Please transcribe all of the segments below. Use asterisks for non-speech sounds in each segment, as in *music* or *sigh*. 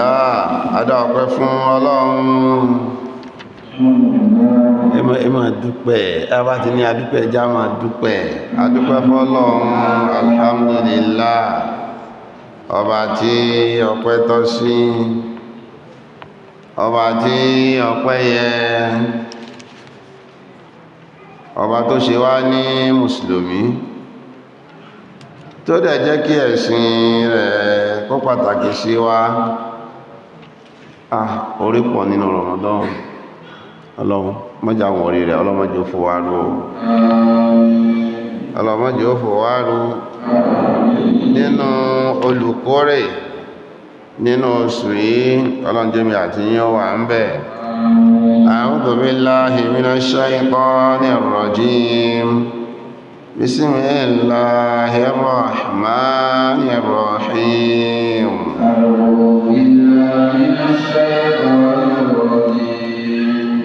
alhamdulillah adá ọpẹ́ fún ọlọ́run ẹmọ dúpẹ́ ẹbá ti ní adúpẹ́ já máa dúpẹ́ adúpẹ́ fún ọlọ́run alhamdulillah ọba tí ọpẹ́ tọ́ sí ọba tí ọpẹ́ yẹ ọba tó ṣe wá ní mùsùlùmí tó dẹ̀ jẹ́ kí ẹ̀sìn rẹ̀ kó pàtàkì sí wa. A ah, orí pọ̀ nínú Ramadan ọlọ́run mọ́jà wọn orí rẹ̀ ọlọ́mọ́jọ́ fò wá rú ọlọ́mọ́jọ́ fò wá rú nínú olùkórè nínú oṣù yìí ọlọ́njẹ́mi àti yíò wà ń bẹ̀ a'udhu الشيطان الرجيم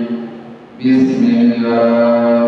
بسم الله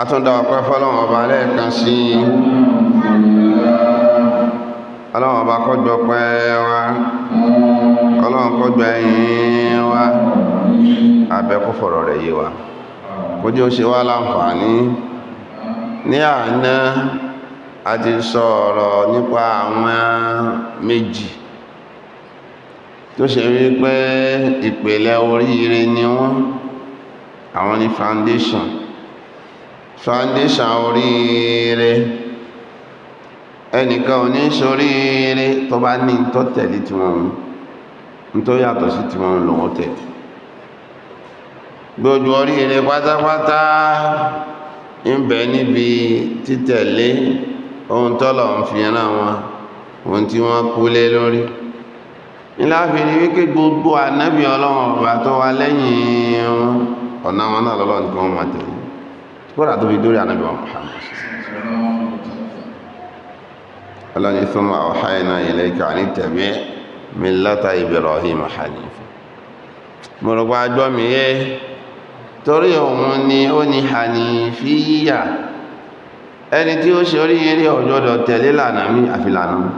àtúndà ọ̀pẹ́ fọ́lọ́wọ̀n ọba lẹ́ẹ̀kan sí ọlọ́wọ̀n ọba kọjọ pẹ́ wa ọlọ́wọ̀n kọjọ ẹ̀yìn wa abẹ́kú fọ̀rọ̀ rẹ̀ yé wa kó jẹ́ ó ṣe wá láǹfààní ní àná a ti sọ̀rọ̀ nípa àwọn méjì tó ṣe rí pé ìpìlẹ̀ oríire ni wọ́n àwọn ni foundation foundation oríire ẹnìkan ò ní ṣoríire tó bá ní tó tẹ̀lé tí wọ́n ń tó yàtọ̀ sí tí wọ́n ń lọ́wọ́ tẹ̀lé gbogbo oríire pátápátá ń bẹ níbi títẹ̀lé ohun tọ́lọ̀ ń fi ran wọn ohun tí wọ́n kú lé lórí ìláfíìrí wípé gbogbo ànábì ọlọ́run ọba tó wà lẹ́yìn ọ̀nà wọn náà lọ́lọ́ nìkan máa tẹ̀lé kódà tó fi dórí ànábì wọn Muhammad ọlọ́ni thumma awhayna ilayka an ittabi' millata Ibrahim hanifa mo rò pa àjọ mi yé torí òun ni ó ní hanifiyya ẹni tí ó ṣe oríire ọjọ́dọ̀ tẹ̀lé lànà mi àfi lànà mi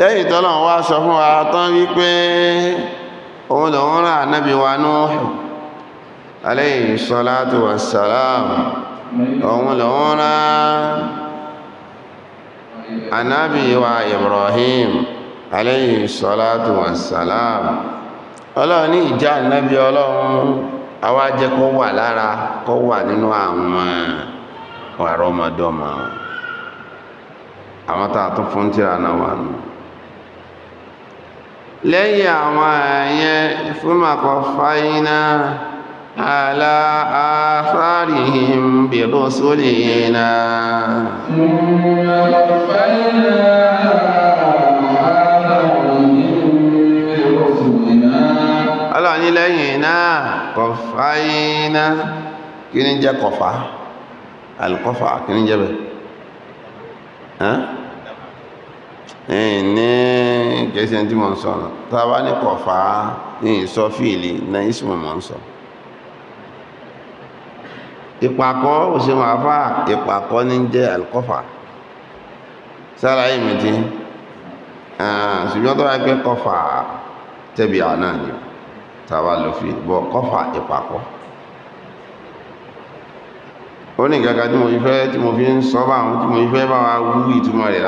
lẹ́yìn tọ́lọ̀ wá sọ fún wa tán wípé òun lòun rà náàbí wa salatu wassalam òun lòun rà anábí wa Ibrahim alayhi salatu wassalam ọlọ́run ní ìjà náàbí ọlọ́run àwa jẹ́ kó wà lára kó nínú àwọn àrọ́mọdọ́mọ àwọn tààtún fún náà wà lẹ́yìn àwọn ẹ̀yẹn fúnmakọ̀ fáyiná ala atharihim bi rusulina ọlọ́ni lẹ́yìn náà kọfáyiná kí ní jẹ́ kọfà alkọfà kí ní jẹ́ bẹ̀ ní kẹsẹ̀ tí mo ń sọ ọ̀nà tá a bá ní ìsìnmọ̀ ń sọ ìpàkọ́ òṣèwọ̀n afá ìpàkọ́ ní jẹ́ sára mi ṣùgbọ́n tó kọfà àná ni tá a fi bọ́ kọfà ìpàkọ́ ó ní gàgà tí mo fi ń sọ tí mo fi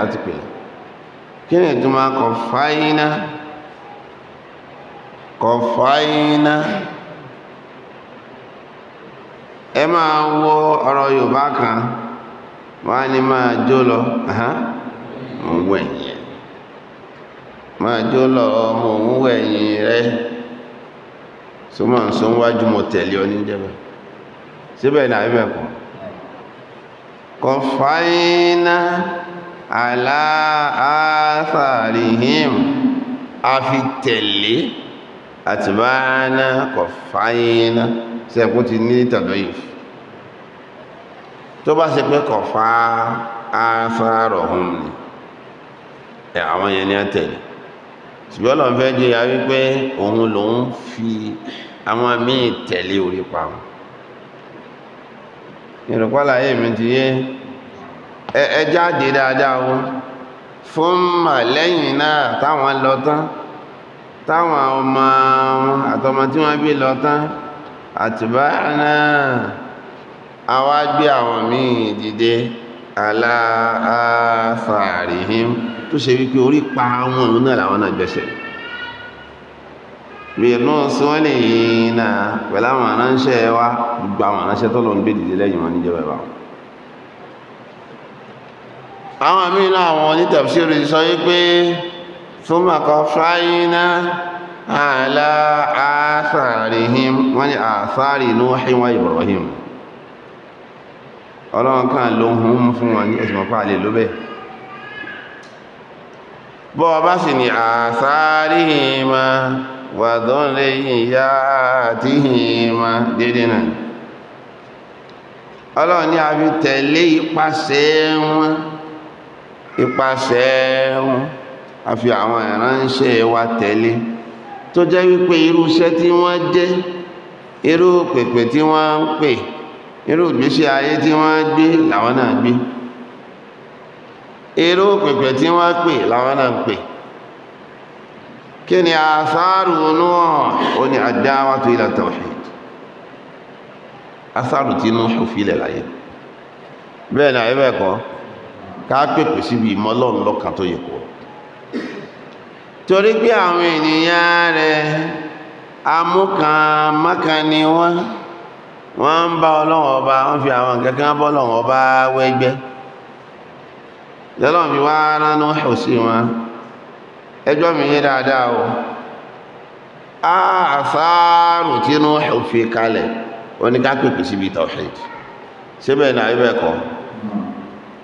kí ni ìtumọ̀ kọfáínà kọfáínà ẹ máa wọ ọ̀rọ̀ yorùbá kan wọ́n á ní máa jó lọ ọ̀wọ̀ ẹ̀yìn máa jó ọmọ òwúwọ̀ rẹ súnmọ́ wájú mọ̀ tẹ̀lé oníjẹba síbẹ̀ ní àbẹ̀kọ̀ kọfáínà. aláàtàríhìm a fi tẹ̀lé àtìbáná kọfáyíná sẹ́kún ti ní tàbí tó bá ṣe pé kọfá áfàárọ̀ hùn ní ẹ̀ àwọn yẹn ni a tẹ̀lé ṣùgbọ́n lọ́n fẹ́ jẹ́ ya wípé òun lòun fi àwọn míì tẹ̀lé orí pa wọn yìí mi ti yé ẹ jáde dáadáa o fún mà lẹ́yìn náà táwọn lọ tán táwọn ọmọ wọn àtọmọ tí wọ́n bí lọ tán àtìbá náà àwa gbé àwọn míì dìde aláàfààrìhìn tó ṣe wípé orí pa àwọn òun náà làwọn náà gbẹ̀ṣẹ̀ bìnú sọ́ọ̀lì yìí náà pẹ̀lú àwọn aránṣẹ́ wa gbogbo àwọn aránṣẹ́ tó lọ ń gbé dìde lẹ́yìn wọn níjọba ìbáwọn àwọn àmìnà àwọn onítẹ̀fṣírí sọ wípé súnmọ̀kọ́ fáyíná àlá àṣàrìhìm wọ́n ni àṣàrì Nuhi wa Ibrahim ọlọ́run kan ló ń hún fún wọn ní ẹ̀sùnmọ̀pá lè lóbẹ̀ bọ́ ọba sì ni àṣàrìhìm wà dọ́nlẹ̀ ìyá ipasẹ̀ ẹ̀hún a fi àwọn ìránṣẹ́ wa tẹ̀lé tó jẹ́ wípé irúṣẹ́ tí wọ́n jẹ́ irú pèpè tí wọ́n ń pè irú ìgbésí ayé tí wọ́n gbé làwọn náà gbé irú pèpè tí wọ́n pè làwọn náà pè kí ni àṣàrù náà ó ní àdáwàtú ila tawhid àṣàrù tí inú òfin láyé bẹ́ẹ̀ ni àyẹ́bẹ̀ẹ́kọ́ kápẹ̀pẹ̀ síbi ìmọ̀ ọlọ́run lọ́kàn tó yẹ kó torí pé àwọn ènìyàn rẹ̀ amúkànmákan ni wọ́n wọ́n ń bá ọlọ́run ọba wọ́n fi àwọn nǹkan bọ́ ọlọ́run ọba wẹ́gbẹ́ lọ́lọ́run fi wá ránú ẹ̀hù sí wọn ẹjọ́ mi yé dáadáa o àṣàrò tí inú fi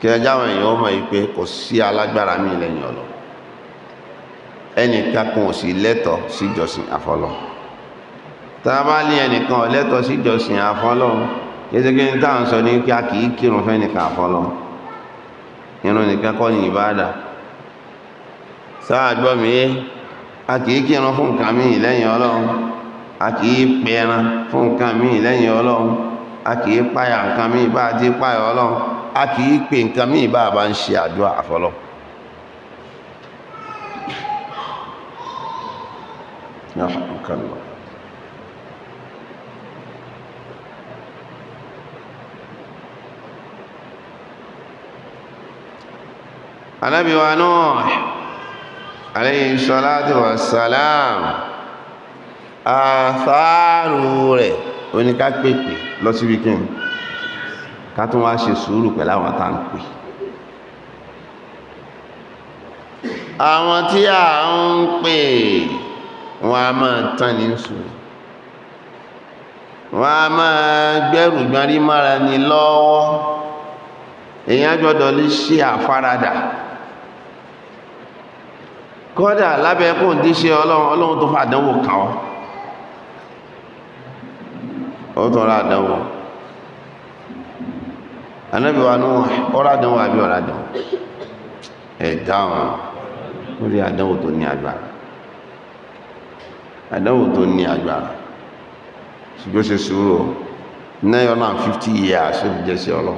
kẹjáwọn èèyàn ọmọ yìí pé kò sí alágbára mi lẹ́yìn ọ̀lọ́ ẹnìkan kan ò sí lẹ́tọ̀ sí tá a bá ní ẹnìkan ò lẹ́tọ̀ sí ìjọsìn sọ ní kí a kì í kírun irun nìkan kọ́ ní ìbáàdà sáà a kì í kírun fún nǹkan lẹ́yìn a kì í pẹran fún nǹkan a kì í nǹkan bá a a kì í pè nǹkan míì bá a bá ń ṣe àdúrà àfọlọ́ Ànábì wa Nuh alayhi salatu wa àfáàrù rẹ̀ oníkápẹ̀pẹ̀ lọ sí wíkẹ́ndì ká tún wá ṣe sùúrù pẹ̀lú àwọn tá à ń pè àwọn tí à ń pè wọn a máa tán ní sùúrù wọn a máa gbẹ́rù gbarí mára ní lọ́wọ́ èèyàn gbọ́dọ̀ lè ṣe àfaradà kódà lábẹ́ kò ń díṣẹ́ ọlọ́run ọlọ́run tó fàdánwò kàn ọ́ ó àdánwò anábì wa náà ọ̀rọ̀ àdánwò àbí ọ̀rọ̀ àdánwò ẹ̀ dáhùn lórí àdánwò tó ní agbára àdánwò tó ní agbára ṣùgbọ́n ṣe sùúrù nine hundred and fifty years ó fi jẹ́ sí ọlọ́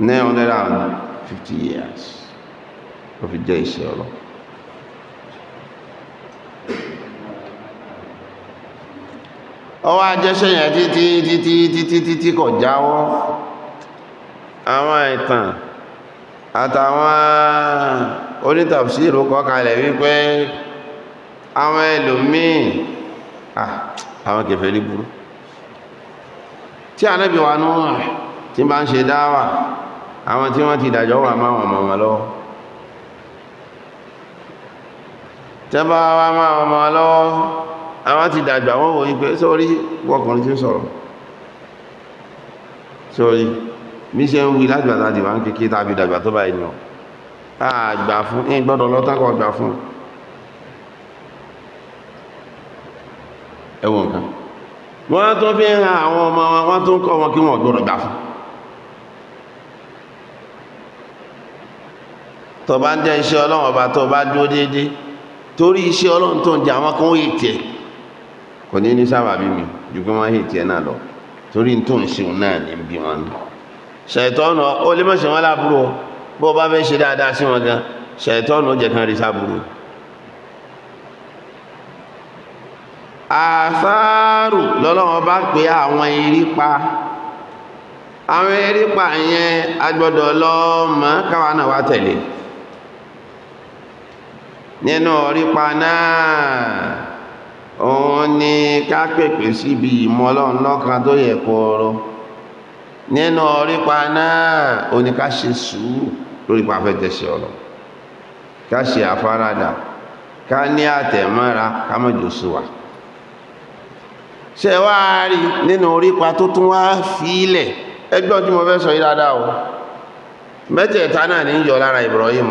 nine hundred and fifty years ó fi jẹ́ ìṣẹ́ ọlọ́ ọwọ́ ajẹ́ṣẹ́ yẹn títí títí títí títí kọ̀ jáwọ́ àwọn ìtàn àtàwọn onítàfsírù kọkàlẹ̀ wípé àwọn ẹlòmíì àwọn kẹfẹ́ ní burú tí ànábì wa nú tí bá ń ṣe dáwà àwọn tí wọ́n ti dàjọ́ wà máa wọn mọ̀ lọ́wọ́ tẹ́bá wa máa wọn mọ̀ lọ́wọ́ àwọn ti dàjọ́ àwọn òyìn pé sórí wọkùnrin tí ń sọ̀rọ̀ sórí mi ṣe ń wí láti bàtà dìbà ń kékeré tàbí dàgbà tó báyìí ni ọ àgbà fún ní gbọ́dọ̀ lọ́tàn kọ́ gbà fún ẹwọ nǹkan wọ́n tó fi ń ra àwọn ọmọ wọn wọ́n tó ń kọ́ wọn kí wọ́n gbọ́dọ̀ gbà fún tó bá ń jẹ́ iṣẹ́ ọlọ́run ọba tó bá dúró déédéé torí iṣẹ́ ọlọ́run tó ń jẹ àwọn kan ó yè tiẹ̀ kò ní ní sábàbí mi ju pé wọ́n yè tiẹ̀ náà lọ torí n tó ń ṣeun náà ní bí wọ́n ní ṣẹ̀tọ́nù ó lè mọ́ṣẹ̀ wọn lábúrò bó bá fẹ́ ṣe dáadáa sí wọn gan ṣẹ̀tọ́nù ó jẹ́ kan rí sábúrò àsáàrù lọ́lọ́wọ́ bá pé àwọn erípa àwọn erípa yẹn agbọ́dọ̀ lọ mọ́ káwa náà wá tẹ̀lé nínú orípa náà òun ni ká pèpè síbi ìmọ̀ ọlọ́run tó yẹ kọ́ ọ̀rọ̀ nínú ọrípa náà oníká ṣe sùúrù lórí pàfẹ́ jẹsẹ̀ ọ̀lọ́ ká ṣe àfaradà ká ní àtẹ̀mọ́ra ká mọ́jọ ṣe wá rí nínú orípa tó tún wá fílẹ̀ ẹgbọ́n tí mo fẹ́ sọ o mẹ́tẹ̀ẹ̀ta náà ní yọ lára Ibrahim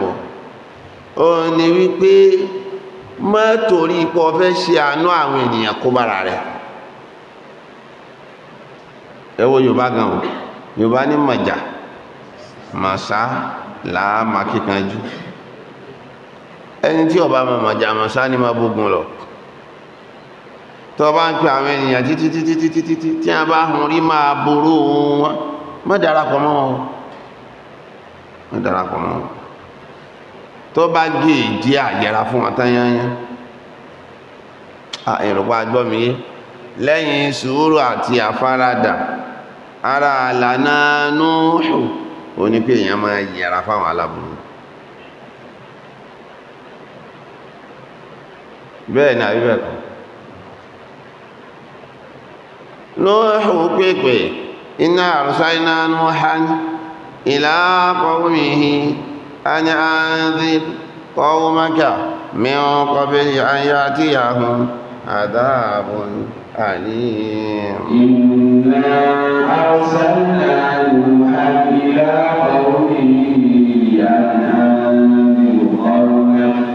o ní wípé má torí ipò ọfẹ́ ṣe àánú àwọn ènìyàn kó bára rẹ̀ Yorùbá gan o yorùbá ní màjà màsá làá ma kíkanjú ẹni tí ọba ma màjà màsá ni ma bógun lọ tó bá ń pè àwọn ènìyàn títí títí títí títí tí a bá hun rí máa boró wọn má darapọ̀ mọ́ wọn má darapọ̀ mọ́ wọn tó bá gé ìdí àjẹra fún wọn tányányán ìrùpa gbọ́ lẹ́yìn sùúrù àti àfaradà ara àlànà nóòhù ó ní pé èèyàn máa yẹra fáwọn aláburú bẹ́ẹ̀ ni àbí bẹ́ẹ̀ kọ́ nóòhù pépè iná àrùsá iná nóòhà ìlà qawmihi an anzir qawmaka min qabli an ya'tiyahum عليم إنا أرسلنا نوحا إلى قومه أن أنذر قومك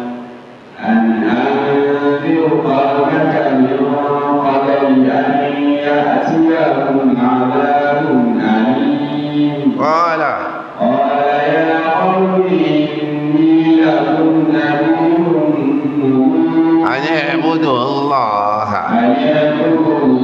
أن أنذر قومك من قبل أن يأتيهم عذاب أليم قال قال يا قوم إني لكم نذير مبين أن اعبدوا الله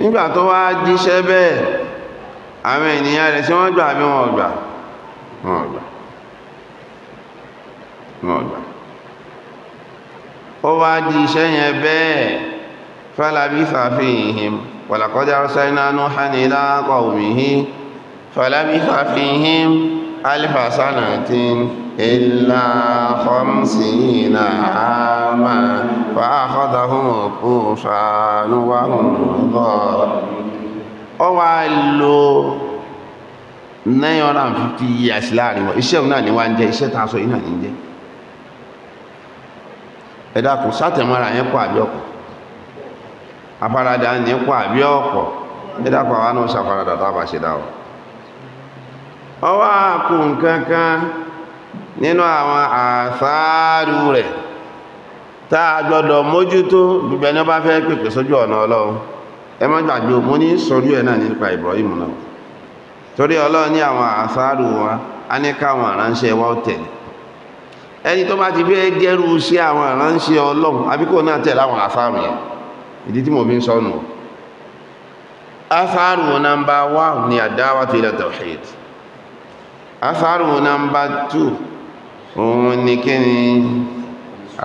nígbà tó wá jíṣẹ́ bẹ́ẹ̀ àwọn ènìyàn rẹ̀ sí wọ́n gbà bí wọ́n gbà wọ́n gbà wọ́n gbà ó wá jíṣẹ́ yẹn bẹ́ẹ̀ falabi fàfihìn wàlàkọ́dá sáínà núhánì láàkọ̀ òmìnir فلبث فيهم ألف سنة إلا خمسين عاما فأخذهم الطوفان وهم ó wá lò 950 years wá sátẹ̀mọ́ra yẹn pọ̀ àbí ọ̀pọ̀ afárádá yẹn pọ̀ àbí ọ̀pọ̀ àwọn náà ṣàfárádá ṣe dáwọ̀ kankan ta a mójútó gbogbo ẹni ọba fẹ́ pèpè sójú ọ̀nà ọlọ́run ẹ má gbàgbé ní sọrí ẹ̀ náà nípa náà torí ọlọ́run ní àwọn àṣàrù wa a ní káwọn aránṣẹ́ wa tẹ̀lé ẹni tó bá ti fẹ́ gẹ́rù sí àwọn aránṣẹ́ ọlọ́run àbíkò náà tẹ̀lé àwọn yẹn ìdí tí mo fi ń sọnù nàmbà wà ní àdáwà tó ilẹ̀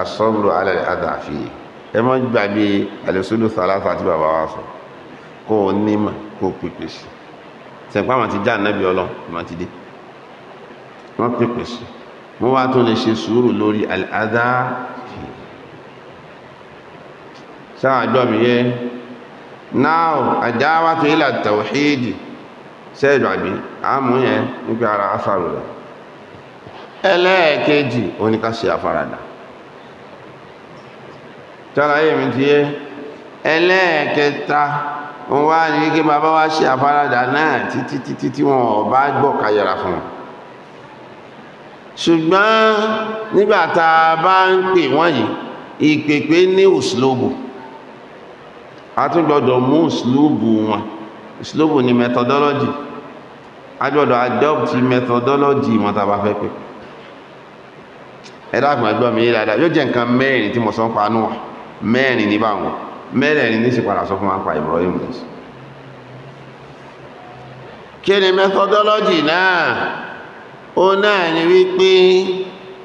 asọ́bùrù alẹ́ àdàfi ẹ má gbàgbé àlẹ́sọ́lù sàlásà àti bàbá wa sọ kó o ní mà kó o pèpè sí sẹ̀pá àwọn ti já nẹ́bí ọlọ́ wọn ti dé wọ́n pèpè sí wọ́n wá tó lè ṣe sùúrù lórí alẹ́ àdàfi sáà àjọ mi yẹ náà àjáwá tó ilà tàwíìdì sẹ́ẹ̀dù àbí àmú yẹn nípa ara afárò rẹ̀ ẹlẹ́ẹ̀kejì oníkàṣe àfaradà tọ́láyé mi ti yé ẹlẹ́ẹ̀kẹta wọ́n wá ní kí bàbá wá ṣe àfaradà náà títí títí tí wọ́n ọ̀bá gbọ́ kayara fún ṣùgbọ́n nígbà a bá ń pè wọ́n yìí ìpèpè ní òṣìlóbù a tún gbọ́dọ̀ mú òṣìlóbù wọn òṣìlóbù ni methodology a gbọ́dọ̀ adopt methodology wọn tá a bá fẹ́ pè ẹ̀dá àgbọ̀n ẹgbọ́n mi yé dáadáa yóò jẹ́ nǹkan mẹ́rin tí mo sọ ń pa nù mẹ́rin ní báwọn mẹ́rin ní sì padà sọ fún wa pa Ibrahim lẹ́sìn kí ni methodology náà ó náà ni wípé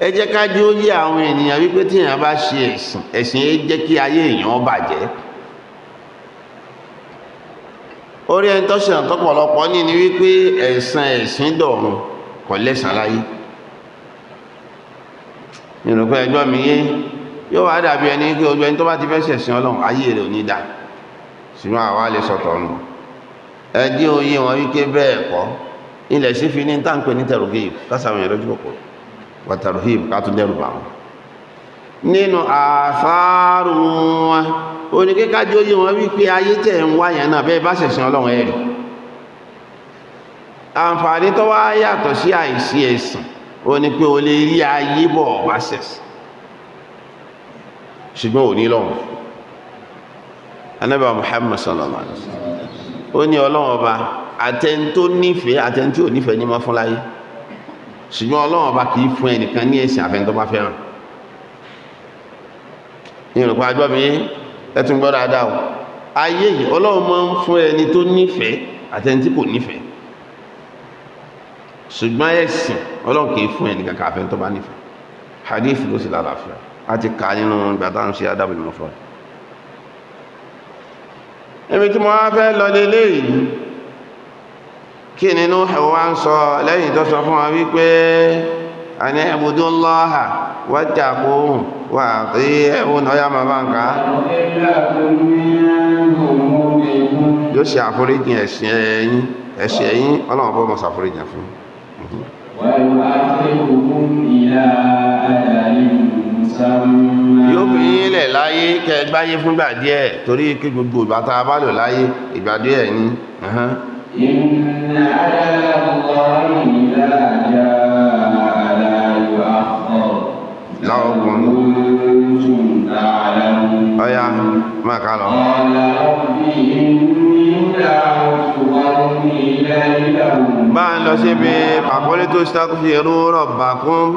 ẹ jẹ́ ó yé àwọn ènìyàn wípé tí èèyàn bá ṣe ẹ̀sìn ẹ̀sìn jẹ́ kí ayé èèyàn bàjẹ́ orí ẹni yóò wá dàbí ẹni pé ojú ẹni tó bá ti fẹ́ ṣẹ̀sìn ọlọ́run ayé rẹ̀ ò ní dá ṣùgbọ́n àwa lè sọ̀tọ̀ nù ẹdí oyé wọn wíké bẹ́ẹ̀ kọ́ ilẹ̀ sí fi ní táǹpẹ̀ ní tẹ̀rùgíb kásàwọn èèyàn lójú kòkòrò wà tẹ̀rùgíb kátó dẹ́rù bà wọn nínú àfáàrù wọn oníkékájú oyé wọn wípé ayé tẹ̀ ń wáyàn náà bẹ́ẹ̀ bá ṣẹ̀sìn ọlọ́run ẹ̀rì àǹfààní tó wá yàtọ̀ sí àìsí ẹ̀sìn ó ní pé o lè rí ayé bọ̀ wá ṣẹ̀sìn ṣùgbọ́n ò ní lọ́wọ́ anábà Muhammad sallallahu alaihi wasallam ó ní ọlọ́wọ́ ọba àtẹn tó nífẹ̀ẹ́ àtẹn tí ò nífẹ̀ẹ́ ní máa fún láyé ṣùgbọ́n ọlọ́wọ́ ọba kì í fún ẹnìkan ní ẹ̀sìn àfẹn tó bá fẹ́ràn ní ìrùpá ajọ́ mi ẹtún gbọ́dọ̀ adá o ayé yìí ọlọ́wọ́ máa ń fún ẹni tó nífẹ̀ẹ́ àtẹn tí kò nífẹ̀ẹ́ ṣùgbọ́n ẹ̀sìn ọlọ́wọ́ kì fún ẹnìkan kàfẹ́ nífẹ̀ẹ́ hadith ló sì lálàáfíà a ti kà nínú ìgbà ń ṣe Adabul Mufrad níbi tí mo wá fẹ́ lọ lélẹ̀ yìí kí nínú ẹ̀wọ́ ń sọ lẹ́yìn tó sọ fún wa wípé àní wa ati'un ọ̀yà màmá nǹka yóò ṣe àforíjì ẹ̀ṣẹ̀ ẹ̀yìn ẹ̀ṣẹ̀ ẹ̀yìn ọlọ́run fọ́ mọ̀ ṣàforíjì fún. wọ́n yóò fi yín lẹ̀ láyé kẹ́ gbáyé fúngbà díẹ̀ torí kí gbogbo ìgbà tá a bá lò láyé ìgbà díẹ̀ ni. Inna ala Allahi idha jaa máa ká lọ bá ń lọ sí ibi àkọlé tó sákú sí irú rọ̀bà kún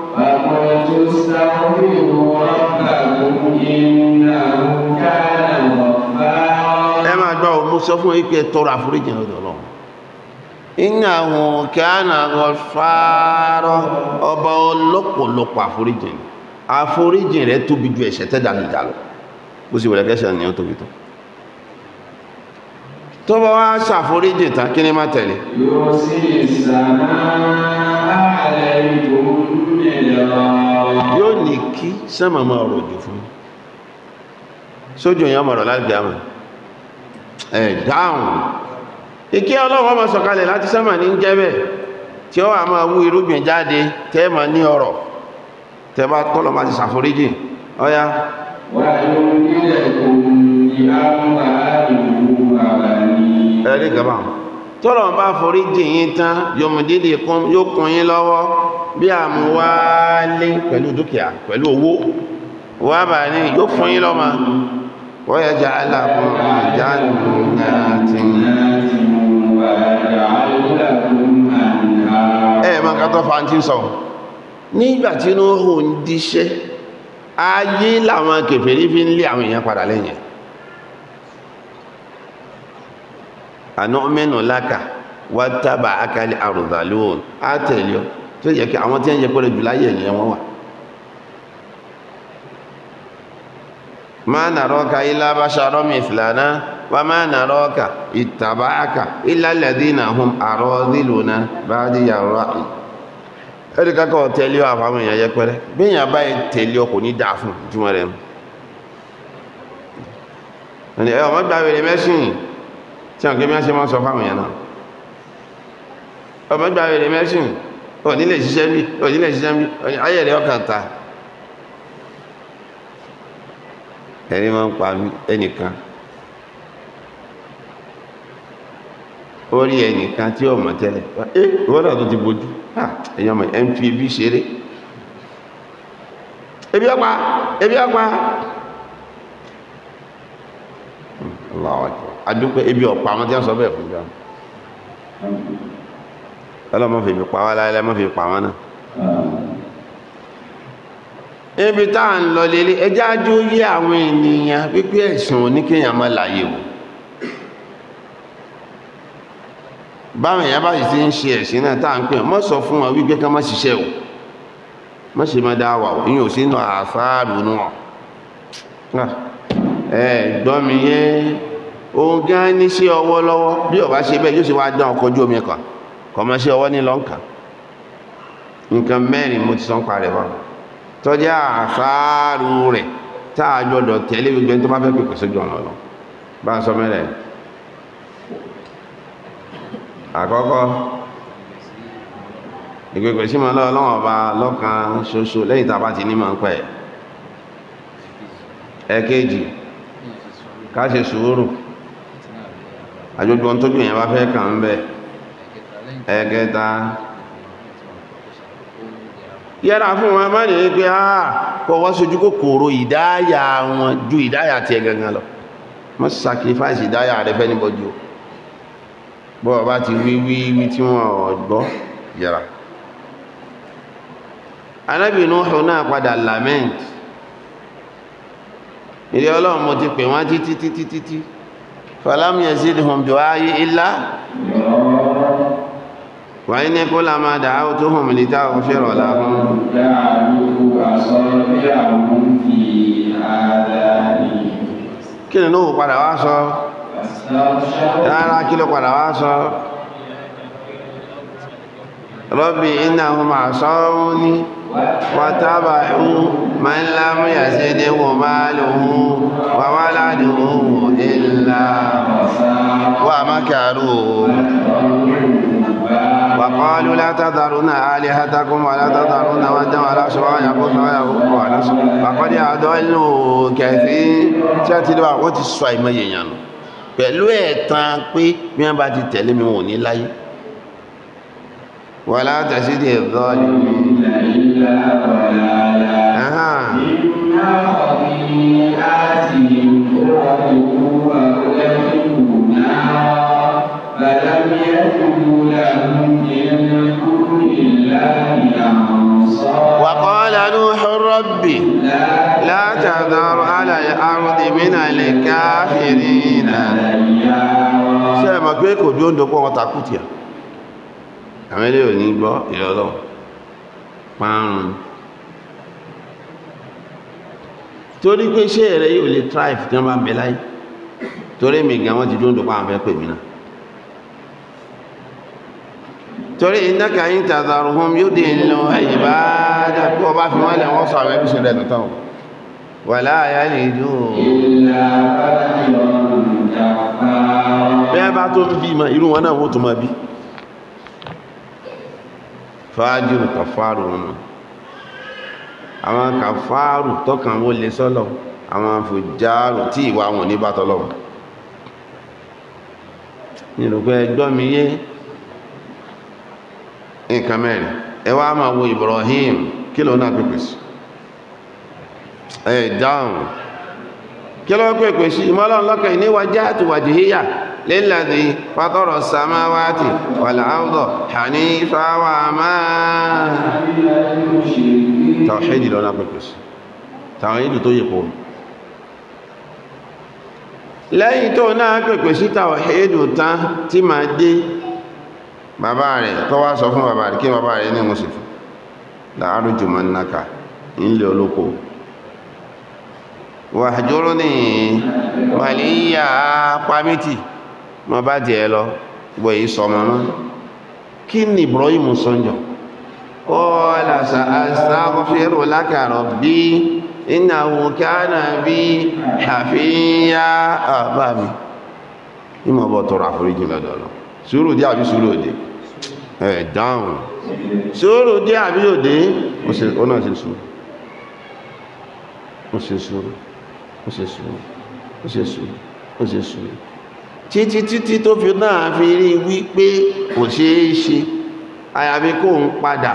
ẹ máa gbọ́ òun sọ fún ìpé tọrọ àforíjì lọ́dọ̀ lọ iná àwọn kíánà gọfàárọ̀ ọba ọlọ́pọ̀lọpọ̀ àforíjì àforíjì rẹ̀ tóbi ju ẹ̀ṣẹ̀ tẹ́dà lọ bó sì wẹ̀rẹ̀ ni ó tóbi tó tó bá wá ṣàforíjì tán kí ní má tẹ̀lé yóò ní kí sánmà máa rọ̀ jù fún sójú èèyàn mọ̀rọ̀ láti dáhùn ẹ̀ dáhùn ìkẹ́ ọlọ́wọ́ máa sọ̀kalẹ̀ láti sánmà ní jẹ́bẹ̀ tí ó wà máa wú irúgbìn jáde ma ní ọ̀rọ̀ tẹ́ bá ma ti ṣàforíjì ọya wà ní orílẹ̀-èdè ẹ̀rí gaba tọ́lọ̀ bá forí jìyìn tán yomididi yóò kún yín lọ́wọ́ bí àmúwálé pẹ̀lú dúkìá pẹ̀lú owó wà bá ní yóò fún yín lọ́mọ wọ́n yẹ jẹ́ aláàkùn àjánu àti ẹ̀ẹ̀mọ́ kátọ́ fàántí sọ nígbà tí inú òun làwọn kèfèrí fi ń lé àwọn èèyàn padà lẹ́yìn ànọ́mẹ́nà láka wá tábà ákàlẹ̀ àrùdà lóòn á tí ó yẹ kí àwọn tí ń yẹ pẹ́rẹ́ jù láyé ẹ̀yẹ wọn wà máa nàrọ́ka ilá bá ṣàrọ́mì ìfìlànà wà máa nàrọ́ka ìtàbá ákà ilálẹ̀dínà hùn àrọ́ nílùúná tí àwọn kẹmí àṣẹ máa sọ fáwọn èèyàn náà ọmọ ìgbà rẹ̀ mẹ́sìn onílẹ̀ ìṣiṣẹ́ bí onílẹ̀ ìṣiṣẹ́ bí ayẹ̀rẹ̀ ọkàn ta ẹni máa ń pa ẹnìkan ó rí ẹnìkan tí ó mọ̀ tẹ́lẹ̀ ẹ ìwọ́dà tó ti bójú èèyàn mọ̀ ẹ̀ ń fi ebi ṣeré ebi ọpa ebi ọpa hmm, Allahu Akbar adúpẹ́ ibi ọ̀pá àwọn tí a sọ bẹ́ẹ̀ fún jọ ọlọ́mọ fi fi pa wá fi pa wọ́n náà ibi tá ń lọ lélé ẹjá jó àwọn ènìyàn wípé ẹ̀sùn oníkéèyàn máa láyé o báwọn èèyàn bá ti ń ṣe ẹ̀sìn náà ń pè sọ fún wọn wípé ṣiṣẹ́ ṣe dáwà ah, gbọ́ mi òun gan ní sí ọwọ́ lọ́wọ́ bí ọba ṣe bẹ́ẹ̀ yóò sì wá dán ọkọ̀ ojú omi kan kọ̀mọ́ sí ọwọ́ ní lọ́nkà nǹkan mẹ́rin mo ti sọ ń parẹ́ wọn tọ́jà àṣàrù rẹ̀ tá a gbọ́dọ̀ tẹ̀lé gbogbo ẹni tó bá fẹ́ pèpè sójú ọ̀nà lọ bá ń sọ mẹ́rẹ̀ àkọ́kọ́ ìpèpè sí mọ́ lọ́wọ́ ọba lọ́kan ṣoṣo lẹ́yìn tá a bá ti ní mọ̀ ń pẹ́ ẹ̀kejì ká ṣe sùúrù àjọjọ ohun tójú èèyàn bá fẹ́ kàn ń bẹ̀ ẹ̀kẹta yẹra fún wọn má ní pé á kọ wá sojú kòkòrò ìdáyà wọn ju ìdáyà tiẹ̀ gangan lọ wọ́n sacrifice ìdáyà rẹ̀ fẹ́ níbọ̀jú bọ́ ọba ti wí wí wí tí wọ́n gbọ́ yẹra anábì Nuhu náà padà lament ilé ọlọ́run mo ti pè wọ́n títí títí فلم يزدهم دعائي إلا وإن كلما دعوتهم لتغفر لهم جعلوا أصابعهم في آذانهم كنا نوه قد واسو ترى كيلو قد واسو ربي إنهم عصوني واتبعوا من لم يزده ماله وولده إلا ومكروا وقالوا لا تذرن آلهتكم ولا تذرن ودا ولا شواء يقول ولا ولا فقد أضلوا كثيرا tí ó ti sọ àìmọye èèyàn nù pẹ̀lú ẹ̀tàn pé bí wọ́n bá ti tẹ̀lé mi wọn ò ní láyé wọ́n látàsí di ẹ̀dọ́ ni ẹ̀hàn وقال نوح رب لا تذر على الأرض من الكافرين ṣe mọ̀ pé kò dúó ń dọ́pọ̀ wọn takútì àwọn ilé ò ní gbọ́ ìrọ̀lọ́ pààrùn torí pé ṣe rẹ̀ yóò lè tribe tí wọ́n bá ń bẹ láyé torí mi gan wọ́n ti dúó ń dọ́pọ̀ àwọn fẹ́ pè mí náà torí ináka yín tàzàrùhún yóò dé lọ àyíbáadà kí ọba fi wọ́n lẹ̀ wọ́n sọ àwọn ẹbíṣẹ́ rẹ̀ tọ́tọ́ wà láàyà lè dùn bẹ́ẹ̀ bá tó ń bí ma irú wọn náà wó tó ma bí fàájìrù kàfàárù wọn àwọn kàfàárù tọ́kàn wó lè sọ́lọ̀ àwọn fòjárù tí ìwà wọn ní bá tọ́lọ̀ nínú pé ẹgbọ́n nǹkan mẹ́rin ẹ wá máa wo Ibrahim kí ló náà pèpè sí ẹ dáhùn kí ló pèpè sí ìmọ̀lọ́run lọ́kàn ìníwà jáàtù wàjìhíyà lílàdí pátọ́rọ̀ samáwátì wàláàbọ̀ hànífàwà máa bàbá rẹ̀ tó wá sọ fún bàbá rẹ̀ kí bàbá rẹ̀ ní mọ́sí fún láàrùn jùmọ̀ náà ilẹ̀ olóko wà jùrú ní wàlíyà pàmítì mọ́ bá jẹ́ lọ wọ yìí mọ́mọ́ kí ni Ibrahim sọ́njọ́ ó lásà astaghfiru ẹ̀ dáhùn sùúrù dé àbí òde ó náà ṣe sùúrù ó ṣe sùúrù ó ṣe sùúrù ó ṣe sùúrù ó ṣe sùúrù títí títí tó fi náà fi rí wípé kò ṣeé ṣe àyàfi kó ń padà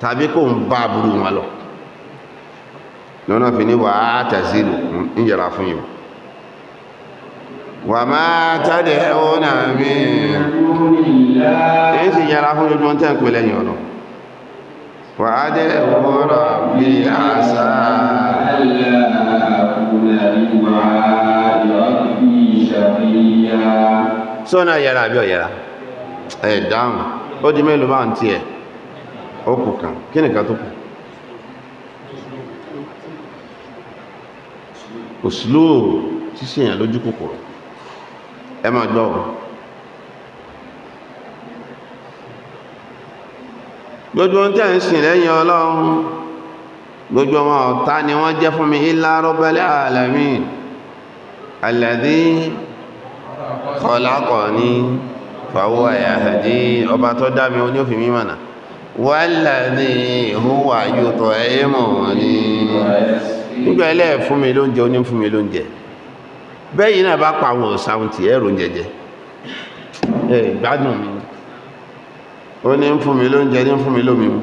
tàbí kó ń bá burú wọn lọ lọ́nà fi ní wà á tàzílù ń yẹra fún yìí wà máa tàdẹ̀ ọ́nà mi èyí sì yára fún ojú tẹ́ pè lẹ́yìn ọ̀nà wà á dé ẹ̀kọ́rọ̀ bí àṣà sọ́nà yára àbí ọ̀yára ẹ̀ ó di mélòó bá ń tiẹ̀ ó kù kan kí nìkan tó kù òsìlóòrò ṣíṣe èèyàn lójú kòkòrò ẹ gbọ́ ọ̀rọ̀ gbogbo ohun tí a ń sìn lẹ́yìn ọlọ́run gbogbo wọn ọ̀tá ni wọ́n jẹ́ fún mi illa rabbil alamin alladhi khalaqani fahuwa yahdi ọba tó dá mi oní òfin mímọ̀nà walladhi huwa yut'imuni nígbà ilẹ̀ fún mi lóúnjẹ oní ó ní ń fún mi ló ń jẹ ní ń fún mi lómi mú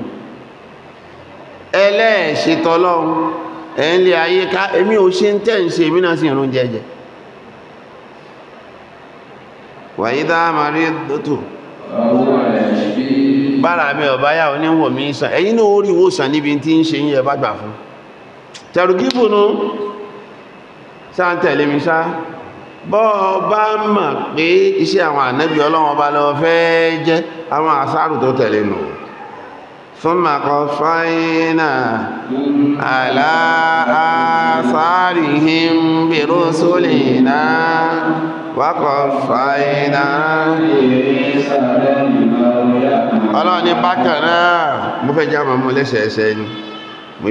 ẹlẹ́ẹ̀ṣetọ́lọ́run ẹ̀ ń lè ayé ká èmi ò ṣe ń tẹ́ ń ṣe èmi náà sì ń rún jẹjẹ wàyí dá marí dótò bára mi ọ̀bá yà ó ní wọ̀ mí sàn ẹ̀yìn náà ó rí ìwòsàn níbi tí ń ṣe yẹ bá fún tẹ̀rù gíbùnú sáà tẹ̀lé mi sáà bọ́ ọba mọ̀ pé iṣẹ́ àwọn ànábì ọlọ́wọ́ ọba lọ fẹ́ jẹ́ àwọn àsáàrù tó tẹ̀lé nù súnmà kọ fáyínà aláàsáàrì him bèrò sólè náà wákọ̀ fáyínà ọlọ́ni bákan náà fẹ́ jẹ́ àmọ́ lẹ́sẹẹsẹ ni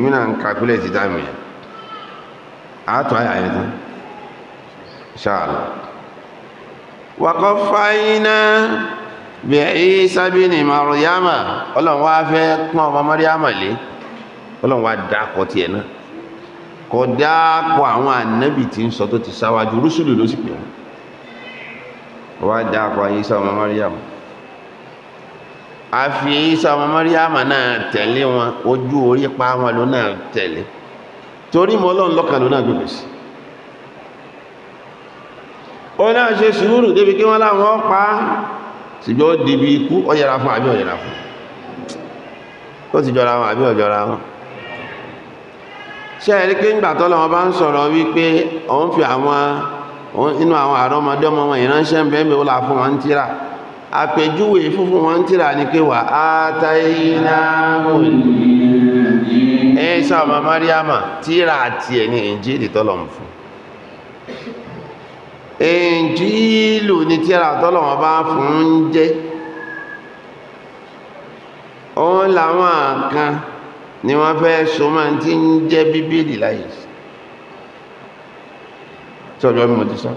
mo kàkúlẹ̀ ti ṣáàlù wàkọ́ fáyínà bí i sábìnì maryama ọlọ́run wá fẹ́ pọ́n ọmọ maryama lé ọlọ́run wá dákọ̀ tiẹ̀ náà kọ dákọ̀ àwọn ànábì tí ń sọ tó ti sáwájú rúṣùlù ló sì pè wọ́n wá dákọ̀ Ìsá ọmọ maryama náà tẹ̀lé wọn ojú orí pa wọn ló tẹ̀lé torí mọ́ ọlọ́run lọ́kàn ló sí ó náà ṣe sùúrù débi kí wọ́n láwọn pa á ṣùgbọ́n ó débi ikú ó yẹra fún àbí ó yẹra fún ó ti jọra wọn àbí ó jọra wọn ṣe ẹ̀rí pé ńgbà tọ́lọ́ wọn bá ń sọ̀rọ̀ wípé òun fi àwọn inú àwọn àrọ́mọdé ọmọ wọn ìránṣẹ́ ń bẹ́ẹ̀ ó là fún wọn ń tíra àpèjúwe fúnfún wọn ń tíra ní pé wà á táyé náà ẹ̀ sọ ọmọ Mariama tíra àti ẹ̀ ní ìjírí tọ́lọ̀ fún ẹ̀ǹjílù ní tíra tọ́lọ̀wọ́n bá fún ń jẹ́ òun làwọn kan ni wọ́n fẹ́ so máa ti ń jẹ́ bíbélì láyé tọ́jọ́ bí mo ti sọ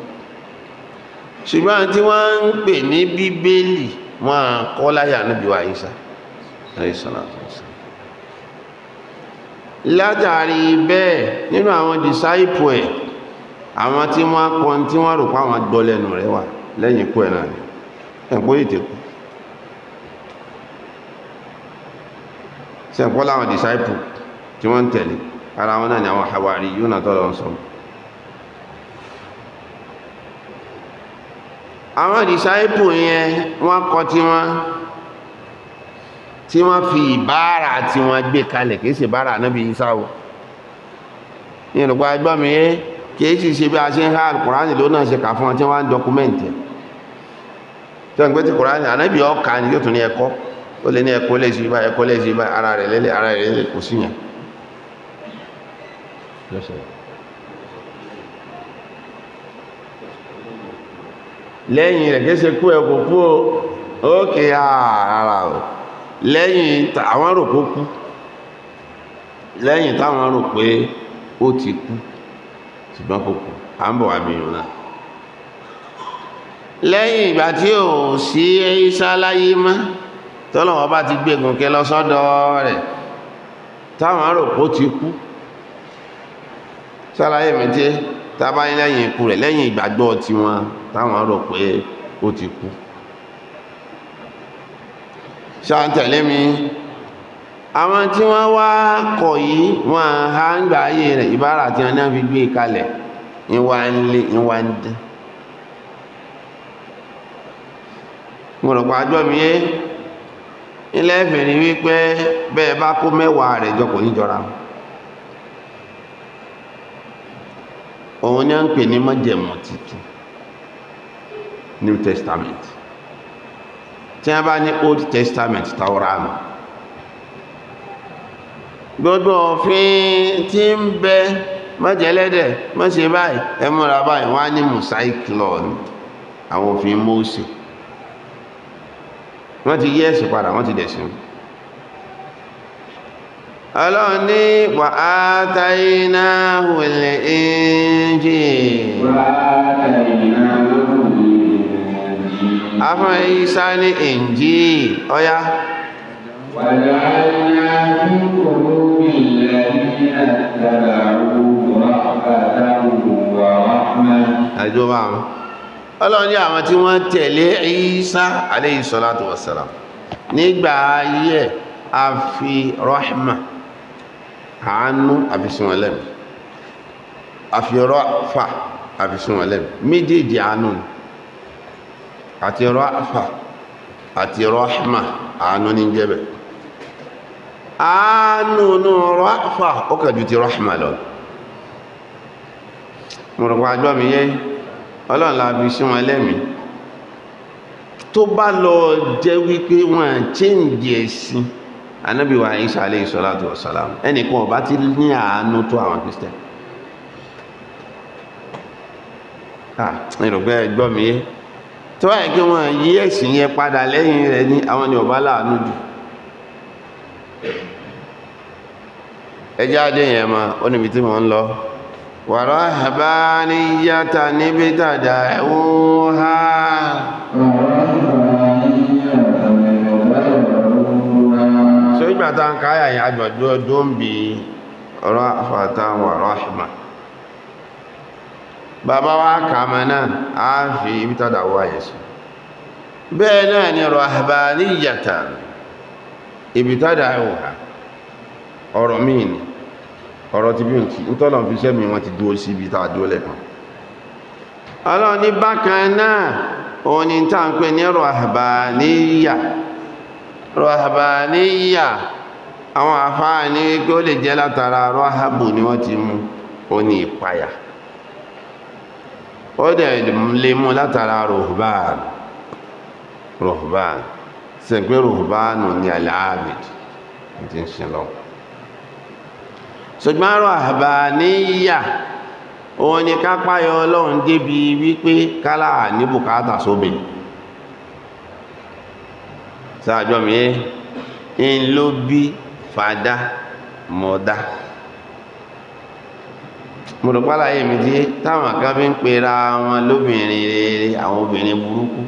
ṣùgbọ́n tí wọ́n ń pè ní bíbélì wọ́n á kọ́ láyà níbi wa ìsà látàrí bẹ́ẹ̀ nínú àwọn disciple ẹ̀ àwọn tí wọ́n kọ́ tí wọ́n rò pé àwọn gbọ́ lẹ́nu rẹ̀ wà lẹ́yìn ikú ẹ̀ náà ni ẹ̀kọ́ ìtẹ̀kù sẹ́kọ́ láwọn disciple tí wọ́n tẹ̀lé ara wọn náà ni àwọn hawari yóò náà tọ́lọ sọ àwọn disciple yẹn wọ́n kọ́ tí wọ́n tí wọ́n fi ìbára tí wọ́n gbé kalẹ̀ kìí ṣe bára náà bí isáwò ní ìrùgbà ẹgbọ́n kìí sì ṣe bí a ṣe ń ha kùránì ló náà ṣe kà fún ọ tí wọ́n ń gbé ti kùránì ànábì ọkà ni yóò tún ní ẹ̀kọ́ ó lè ní ẹ̀kọ́ ẹ̀kọ́ ara rẹ̀ ara rẹ̀ lẹ́lẹ́ kò síyàn lẹ́yìn rẹ̀ kéṣe kú ẹ̀ kú o ókè ara o lẹ́yìn àwọn rò kú lẹ́yìn táwọn rò pé ó ti kú ṣùgbọ́n kò kù lẹ́yìn ìgbà tí ò sí Ìsá ma mọ́ bá ti ke lọ sọ́dọ̀ rẹ̀ táwọn arò kó ti kú sálàyé mi tí lẹ́yìn ikú rẹ̀ lẹ́yìn ìgbàgbọ́ ta o ti ku. àwọn tí wọ́n wá kọ̀ yìí wọ́n ha ń gbà ayé rẹ̀ ìbára tí wọ́n náà fi gbé e kalẹ̀ ìwà ń lé ìwà ń dán mo rọ̀ pa àjọ mi yé ilé ẹ̀fẹ̀ ni wípé bẹ́ẹ̀ bá kó mẹ́wàá rẹ̀ jọ kò ní òun ni ń pè ní májẹ̀mú tuntun New Testament tí wọ́n bá ní Old Testament Tàórà mọ́ gbogbo òfin tí ń bẹ mọ́jẹ̀lẹ́dẹ̀ mọ́ṣe báyìí ẹ báyìí wọ́n ní àwọn òfin wọ́n ti yí padà wọ́n ti dẹ̀sìn ọlọ́run ní wà á táyé náà ìsá ní وجعلنا في قلوب الذين اتبعوه رحمة ورحمة أجوا معنا ọlọ́run ní àwọn tí wọ́n tẹ̀lé Ìsá alayhi salatu wassalam nígbà ayé a fi rọ́hìmà àánú àfisùnwọ̀n lẹ́mù àfirọ́fà àfisùnwọ̀n lẹ́mù méjèèjì àánú àti rọ́fà àti rọ́hìmà àánú ní jẹ́bẹ̀ẹ́ àánúnú ráfà ó kàn ju ti rahma lọ mọ̀rọ̀pá àjọ́ mi yẹ́ ọlọ́run láàbí sí wọn lẹ́mí tó bá lọ jẹ́ wípé wọ́n chéǹdì ẹ̀sìn anábíwá Ìsá alayhi salatu wa ẹnìkan ọba ti ní àánú tó àwọn Christian ìrọ̀gbẹ́ ẹjá dé yẹn ma ó níbi tí mo ń lọ wàrọ̀ àbá ní yàtà níbi dàdà ẹ̀wọ̀n ha ṣe ìgbàta ń káyà yà àgbàdo ọdún bí ọ̀rọ̀ àfàtà wàrọ̀ àṣìmà bàbá wa kàmà náà á fi ibi tàdà wáyé sí bẹ́ẹ̀ náà ni rọ̀ àbá ní yàtà ìbìtádà ẹ̀wà e ọ̀rọ̀ míì ni ọ̀rọ̀ ti bí n kí nítọ́lọ̀ fi ṣẹ́mi ti dúó sí ibi tá dúó lẹ́kan ọlọ́ni bákan náà òun ni tá ń pè ní rọ̀hàbàníyà rọ̀hàbàníyà àwọn àfáà ní ó lè jẹ́ sɛgbe rohobaa no ne alaa bi nti nhyɛlɔ sɔgbɛnro ahabaa ne yia wɔn ne kakpa yɛ wikpe kala ne bukata so bi saa adwam yɛ nlobi fada mɔda mùtòkpala yìí mi ti táwọn akábí ń pera àwọn lóbìnrin rere àwọn obìnrin burúkú.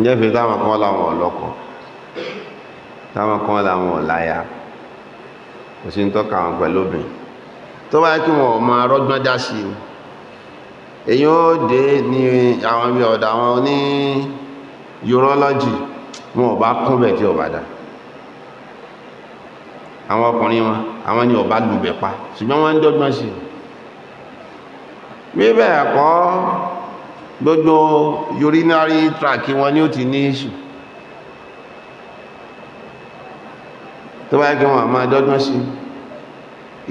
ǹjẹ́ fi táwọn kan láwọn ọ̀lọ́kọ táwọn kan láwọn ọ̀láyà kò sí ń tọ́ka àwọn pẹ̀lú obìn tó bá kí wọn ọmọ arọ́gbọ́n já sí i èyí ó dé ní àwọn ibi ọ̀dà àwọn ní urology wọn ò bá kún bẹ̀ tí ò bá dá àwọn ọkùnrin wọn àwọn ni ọba lùbẹ̀ pa ṣùgbọ́n wọ́n ń dọ́gbọ́n sí i bí gbogbo urinary tract wọn ni ó ti ní issue tó bá kí wọn máa dọ́gbọ́n sí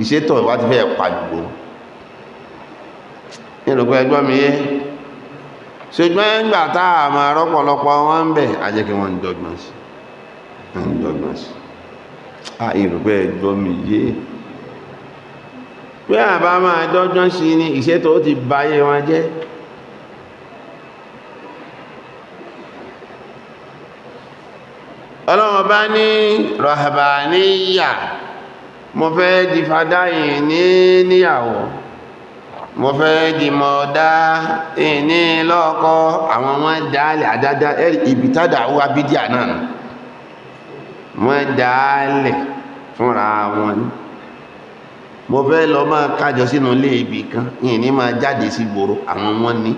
ìṣètò ìwá ti fẹ́ pàdùgbò nílùú ẹgbọ́n mi yé ṣùgbọ́n ìgbà táà máa rọ́pọ̀lọpọ̀ wọn ń bẹ̀ ajẹ́ kí wọ́n ń dọ́gbọ́n sí ń dọ́gbọ́n sí à ìrùpẹ́ ẹgbọ́n mi yé pé àbá máa dọ́gbọ́n sí ní ìṣètò ó ti báyé wọn jẹ́ ọlọ́wọ́ bá ní rọ̀hàbàníyà mo fẹ́ di fadá ìní níyàwó mo fẹ́ di mọ̀ dá ìní lọ́ọ̀kọ́ àwọn wọn dálẹ̀ àdádá ìbítádà wà bídíà náà wọ́n dálẹ̀ fúnra wọn mo fẹ́ lọ máa kájọ sínú ilé kan ìní máa jáde sí gbòòrò àwọn wọn ní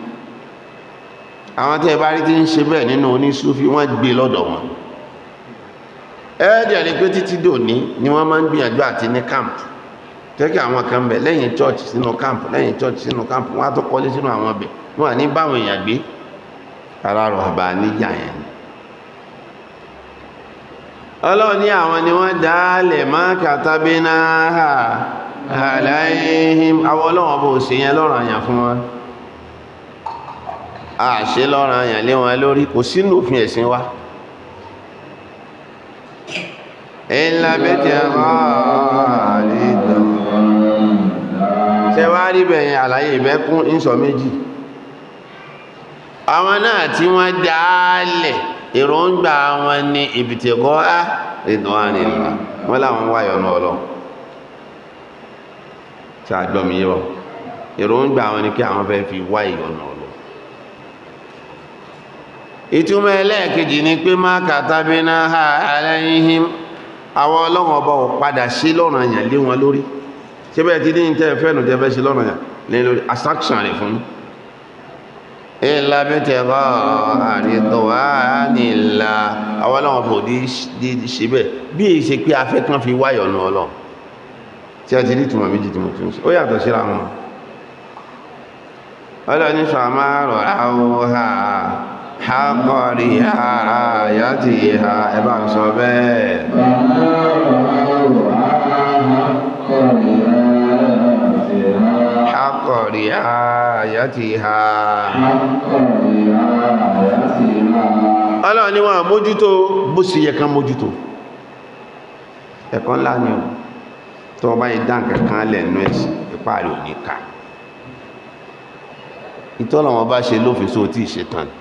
àwọn tẹ́ bá ń ṣe bẹ́ẹ̀ nínú onísúfí wọ́n gbé lọ́dọ̀ wọn ẹ̀ẹ́dẹ̀ rí pé títí dòní ni wọ́n máa ń gbìyànjú àti ní camp tẹ́kì àwọn kan bẹ̀ lẹ́yìn church sínú camp lẹ́yìn church sínú camp wọ́n tó kọ́lé sínú àwọn ọbẹ̀ wọ́n ní báwọn èèyàn gbé ara rọ̀ níjà yẹn àwọn ni wọ́n dálẹ̀ má ńlá bẹ́tẹ̀ ààrẹ́dàn ṣe wá rí bẹ̀yìn àlàyé ìbẹ́kún ìṣọ̀ méjì àwọn náà tí wọ́n dáálẹ̀ èròǹgbà wọn ni ìbìtẹ̀gọ́ á ìdàn àrìnlá wọ́n láwọn wáyọ̀ náà lọ ṣàgbọ́mìyọ́ èròǹgbà wọn ni kí àwọn fẹ́ fi wá ìyọ̀nà lọ ìtumọ̀ ẹlẹ́ẹ̀kejì ni pé má kàtàbí náà hìm. àwọn ọlọ́run ọba ò padà ṣe lọ́ràn yàn lé wọn lórí ṣé bẹ́ẹ̀ ti ní ní tẹ́ẹ̀ fẹ́ẹ̀nù tẹ́ẹ̀ fẹ́ ṣe lọ́ràn yàn lé lórí asaction rẹ̀ fún ilá bẹ́tẹ̀rọ àrètọ̀wà nílá àwọn ọlọ́run ọba ò ní ṣe bẹ́ẹ̀ bí i ṣe pé afẹ́ kan a ti ní ìtumọ̀ méjì tí mo tún ṣe ó yàtọ̀ síra wọn ọlọ́run àwọn ọ̀hà hakọ̀rí àyà ti ìhà ẹ̀bá ń sọ bẹ́ẹ̀. hakọ̀rí àyà ti ìhà. ọlọ́run ni wọ́n mójútó bó sì yẹ kán mójútó ẹ̀kọ́ ńlá ni ọ̀ tó ọba ìdáǹkẹ̀ kan lẹ̀nú ẹ̀sìn ìparí òní ká ìtọ́lọ̀wọ́n bá ṣe lófin sóò tí ìṣẹ́tàn ni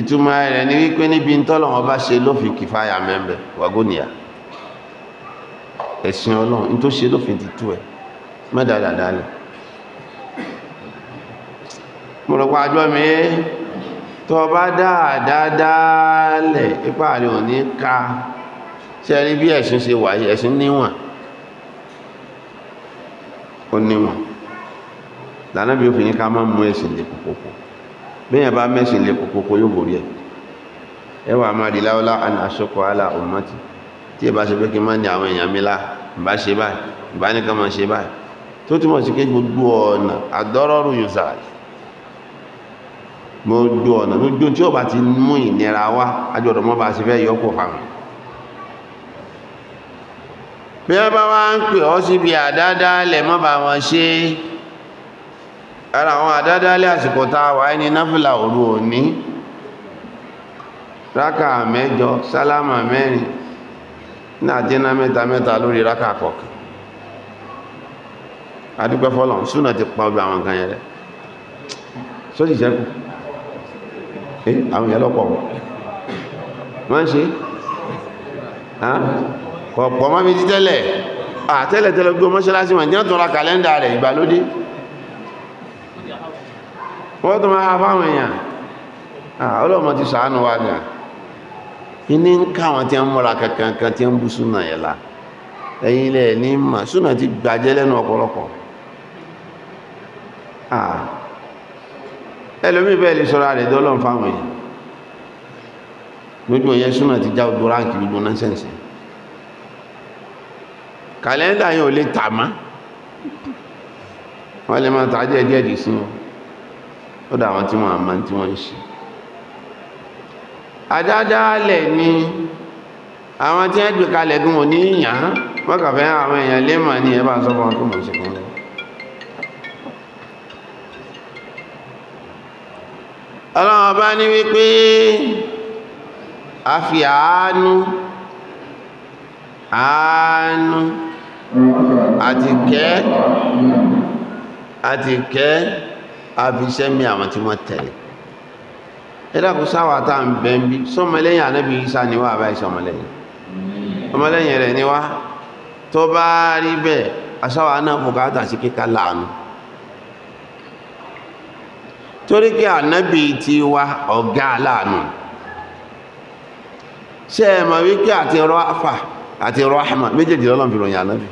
ìtumọ̀ rẹ̀ ni wípé níbi tọ́lọ̀wọ́ bá ṣe lófin kìfáyà mẹ́mẹ́ wàgónìyà ẹ̀sìn ọlọ́run ní tó ṣe lófin ti tú ẹ̀ mẹ́dàdàdà mo rọ̀pá àjọ mi tó bá dáadáa lẹ̀ ipá rẹ̀ ò ní ká ṣe rí bí ẹ̀sìn ṣe wà yìí ẹ̀sìn níwọ̀n ó níwọ̀n lànà bí ó fi ní ká má mú ẹ̀sìn lè kókókó bẹ́yàn bá mẹ́sìn lè kòkòkò yóò borí ẹ̀ ẹwà máa di láwọ́lá àni àṣọ́kọ̀ alá ọmọtí tí ẹ bá ṣe pé kí máa ní àwọn èèyàn mi lá ṣe báyìí ìbá nìkan máa ṣe báyìí tó túmọ̀ sí gbogbo ọ̀nà yóò ti ara àwọn àdádálẹ̀ àsìkò táa wà ní náfìlà òru òní rákà mẹ́jọ sálámà mẹ́rin náà jẹ́ná mẹ́ta mẹ́ta lórí rákà kọ̀ọ̀kan adúgbẹ́ fọ́lọ̀ súnà ti pa ọgbà àwọn nǹkan yẹrẹ só sì jẹ́kù eh àwọn ìyẹ́ lọ́pọ̀ wọ́n ń ṣe kọ̀ọ̀pọ̀ mọ́ mi ti tẹ́lẹ̀ àtẹ́lẹ̀ tẹ́lẹ̀ gbogbo mọ́ṣáláṣí wọn jẹ́ tó ra kàlẹ́ndà rẹ̀ ìgbàlódé wọ́n tó máa fáwọn èèyàn ọlọ́mọ ti sàánú wá ní à iní ń káwọn tí ń kankan kan tí ń bú súnà ẹ̀yìn ilẹ̀ ní súnà ti gbàjẹ́ lẹ́nu ọ̀pọ̀lọpọ̀ ẹlòmíì bẹ́ẹ̀ lè sọ́ra rẹ̀ dọ́lọ́n ti wọ́n lè máa lọ́dọ̀ àwọn tí wọ́n àmà tí wọ́n ń ṣe àdádálẹ̀ ni àwọn tí wọ́n gbé kalẹ̀ gún òní ìyàn wọ́n kàfẹ́ àwọn èèyàn lè mà ní ẹbá sọ́fọ́n tó mọ̀ sí kan lọ bá ní wípé a fi àánú àánú àti kẹ́ abiṣẹ́ mi àwọn tí wọ́n tẹ̀lé ẹ̀dàkùn sáwà tá ń bẹ̀ ń bí sọmọlẹ́yìn ànábì Ìsá ni wá àbá ìsọmọlẹ́yìn ọmọlẹ́yìn rẹ̀ ni wá tó bá rí bẹ́ẹ̀ asáwà náà bùkátà sí kíkà láàánú torí kí ànábì ti wá ọ̀gá láàánú ṣe é mọ̀ wípé àti rọ́fà àti rọ́hàmà méjèèjì lọ́lọ́ ròyìn ànábì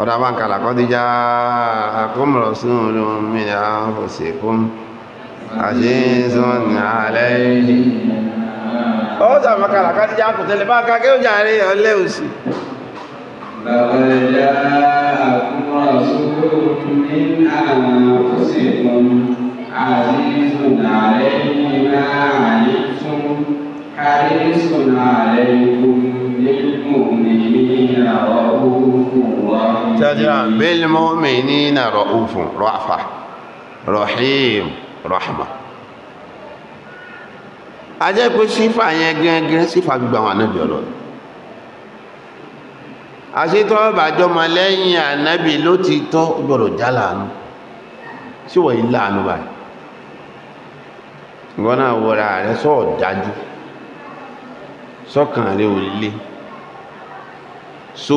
ọ̀dà bá ń kalà kọ́ díjá àkómọ̀rọ̀ sínú olómi àfòsèkóm àṣíṣún àlẹ́ yìí ó sàmà kalà kọ́ díjá kò tẹ́lẹ̀ bá kàkẹ́ ó jàrí ọlẹ́ òsì عزيز عليه ما عنتم حريص عليكم بالمؤمنين مقتدرا بالمؤمنين رؤوف رأفة رحيم رحمة ajẹ́ pé sífà yẹn gẹ́gẹ́ sífà gbogbo àwọn ànábì ọlọ́run àṣetọ́ bàjọ́mọ lẹ́yìn ànábì ló ti tọ́ gbọ́dọ̀ já láàánú sí wọ̀ yìí láàánú báyìí ìwọ́n náà wọra rẹ sọ́ọ̀ dájú sọ́kàn rẹ ò so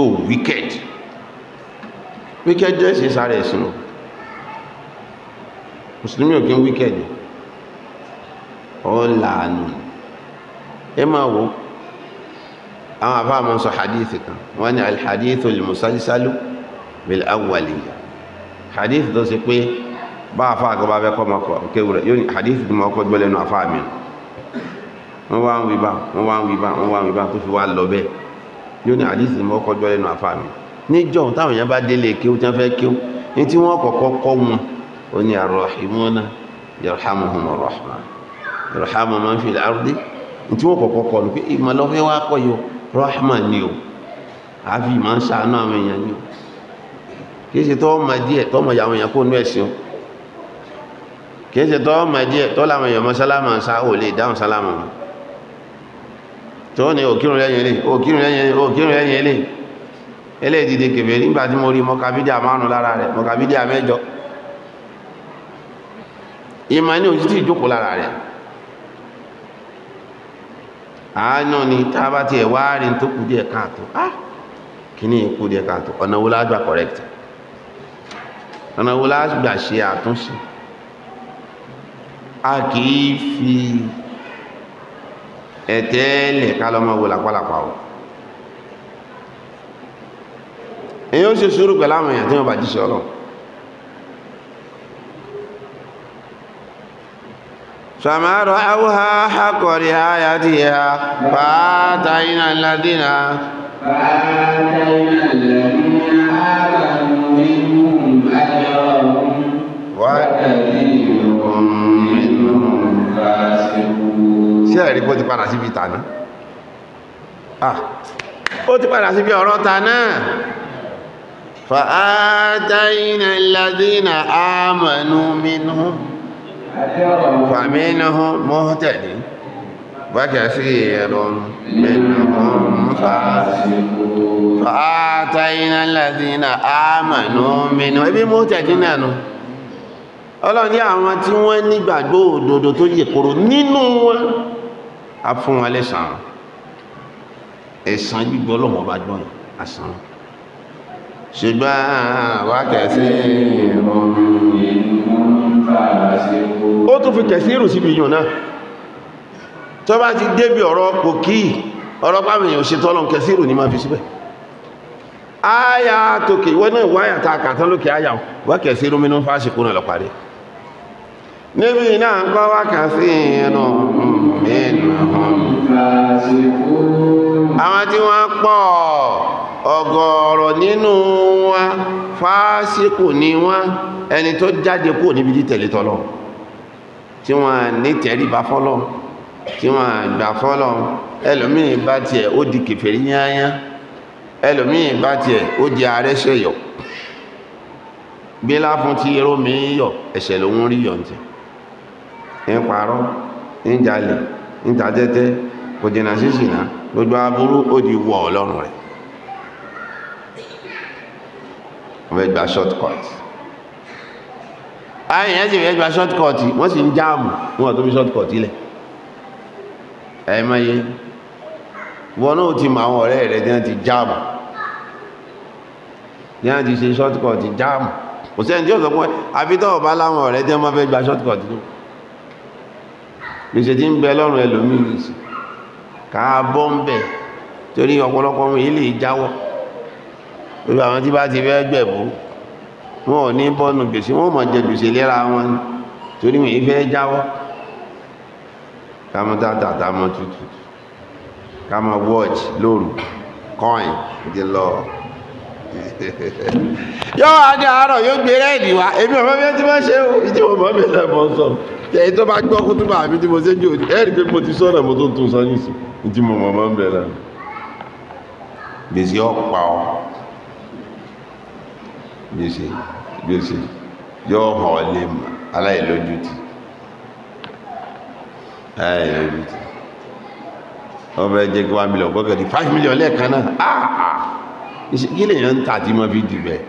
wíkẹ́ẹ̀dì ẹ̀sì sára ẹ̀sìn o mùsùlùmí ò kí ń wíkẹ́ẹ̀dì ọ̀làánù ẹ máa wò àwọn àfáà máa ń sọ hadith kan wọ́n ní alhadithu limusalsalu bil awwaliya hadith tó ṣe pé bá àfáà kan bá fẹ́ kọ́ máa kọ́ kéwù rẹ̀ yóò ní hadith tó máa kọ́ lẹ́nu àfáà mi wọ́n wá ń wí wọ́n wá ń wí wọ́n wá ń wí tó fi wá lọ bẹ́ẹ̀ yóò ní hadith tó máa kọ́ lẹ́nu àfáà mi níjọ́ táwọn èèyàn bá délé kí ó tán fẹ́ kí ó ní tí wọ́n kọ́kọ́ kọ́ wọn ó ní arrahimuna yarhamuhum arrahman yarhamu man fil ardi ní tí wọ́n kọ́kọ́ kọ́ ní pé ìmọ̀lọ́fẹ́ wá kọ́ yóò rahman ni o àfi ìmọ̀ ń ṣàánú àwọn èèyàn ni o kìí ṣe tọ́ ma díẹ̀ tọ́ mọ̀ yàwọn èèyàn kó tọ́ láwọn èèyàn mọ́ sálámà sá ò lè dáhùn sálámà tó ní òkírùn lẹ́yìn ilé òkírùn lẹ́yìn ilé ẹlẹ́ẹ̀dìde kèfè nígbà tí mo rí mọ́kàbídíà márùn lára rẹ̀ mọ́kàbídíà mẹ́jọ ìmọ̀ ní òjì tí lára rẹ̀ àánú ni tá a bá ti ẹ̀wá rí tó kù díẹ̀ káàtó kí ikú díẹ̀ káàtó ọ̀nà wo lágbà correct ọ̀nà wo lágbà ṣe àtúnṣe a kì í fi ẹ̀tẹ́ẹ̀lẹ̀ ká lọ́mọ wo èyí ó ṣe sùúrù pẹ̀lú àwọn èèyàn tí wọ́n bá jíṣẹ́ ọlọ́run sàmàrọ̀ awúhá hakọ̀rí ayá ti yá fàátà iná ládínà fàátà iná ládínà àbàmù nínú àjọ sí ẹ̀rí bó ti padà síbi فآتينا الذين آمنوا منهم فمنهم مهتدي وكثير منهم فاسقون فآتينا الذين آمنوا منهم ibi مهتدي nanu ọlọ́run ní àwọn tí wọ́n nígbàgbọ́ òdodo tó yẹ kóró nínú wọn a fún wọn lẹ́sàn-án ẹ̀san gbígbọ́ lọ́wọ́ bá gbọ́n àsán ṣùgbọ́n àwa kẹsí ìrùn ó tún fi kẹsí ìrùn síbi yùn náà tó bá ti débi ọ̀rọ̀ pòkí ọ̀rọ̀ pàmìyàn ṣe tọ́lọ̀ kẹsí ìrùn ní máa fi síbẹ̀ áyà tókè wọ́n náà wáyà ta kàtán lókè áyà wá kẹsí ìrùn mínú fásitì àwọn tí wọ́n pọ̀ ọ̀gọ̀ọ̀rọ̀ nínú wa fásikù ni wọ́n ẹni tó jáde kúrò níbi títẹ̀lé tọ́lọ tí wọ́n ní tẹ̀rí bá fọ́lọ́ tí wọ́n gbà fọ́lọ́ ẹlòmíì bá tiẹ̀ ó di kèfèrí yányá ẹlòmíì bá tiẹ̀ ó di ààrẹ ṣẹ̀yọ̀ gbélá fún ti rómi yọ ẹ̀ṣẹ̀ lòun rí yọ̀ ǹtẹ̀ ń parọ́ ń jalè ń tajẹ́tẹ́ kò jìnà sí ṣìnà gbogbo aburú ó di wọ̀ ọlọ́run rẹ̀ wọ́n fẹ́ gba short cut àwọn èèyàn sì fẹ́ gba short cut wọ́n sì ń jáàmù wọ́n tó fi short cut ilẹ̀ ẹ̀ máa yé wọn náà ti mọ àwọn ọ̀rẹ́ rẹ̀ tí wọ́n ti jáàmù ní àti ṣe shortcut jáàmù kò sẹ́ni tí ó sọ pé àfitọ́ ọ̀bá láwọn ọ̀rẹ́ tí wọ́n máa fẹ́ gba shortcut ní gbèsè tí ń bẹ lọ́rùn ẹlòmíì nìsí káàbọ̀ ń bẹ̀ torí ọ̀pọ̀lọpọ̀ ilé ìjáwọ́ torí àwọn tí bá ti fẹ́ gbẹ̀bú wọn ò ní bọ́nu gbèsè wọn mọ̀ jẹ gbèsè lera wọn torí wọn ìfẹ́ jáwọ́ kàmọ́ tàtà tàmọ́ tútù kàmọ́ watch lóru coin ti lọ *laughs* yóò wá ní àárọ̀ yóò gbé rẹ́ẹ̀dì wá èmi ọ̀fẹ́ bí ó ti máa ṣe ó ìdí mo mọ̀ mi lẹ́mọ̀ sọ èyí tó bá gbọ́ kó tó bá mi tí mo ṣe ń jò ẹ̀rì pé mo ti sọ̀rọ̀ mo tó tún sọ nísìn ìdí mo mọ̀ mọ́ ń bẹ̀rẹ̀ gbèsè ọ̀pá ọ̀ bí ó ṣe bí ó ṣe yóò hàn ọ́ lé mọ́ aláìlójútì aláìlójútì wọ́n fẹ́ jẹ́ kí wọ́n mílíọ̀n gbọ́kẹ̀ di five million lẹ́ẹ̀kan náà àà ah, ah. kí lè yàn ń tà tí mo fi dì bẹ́ẹ̀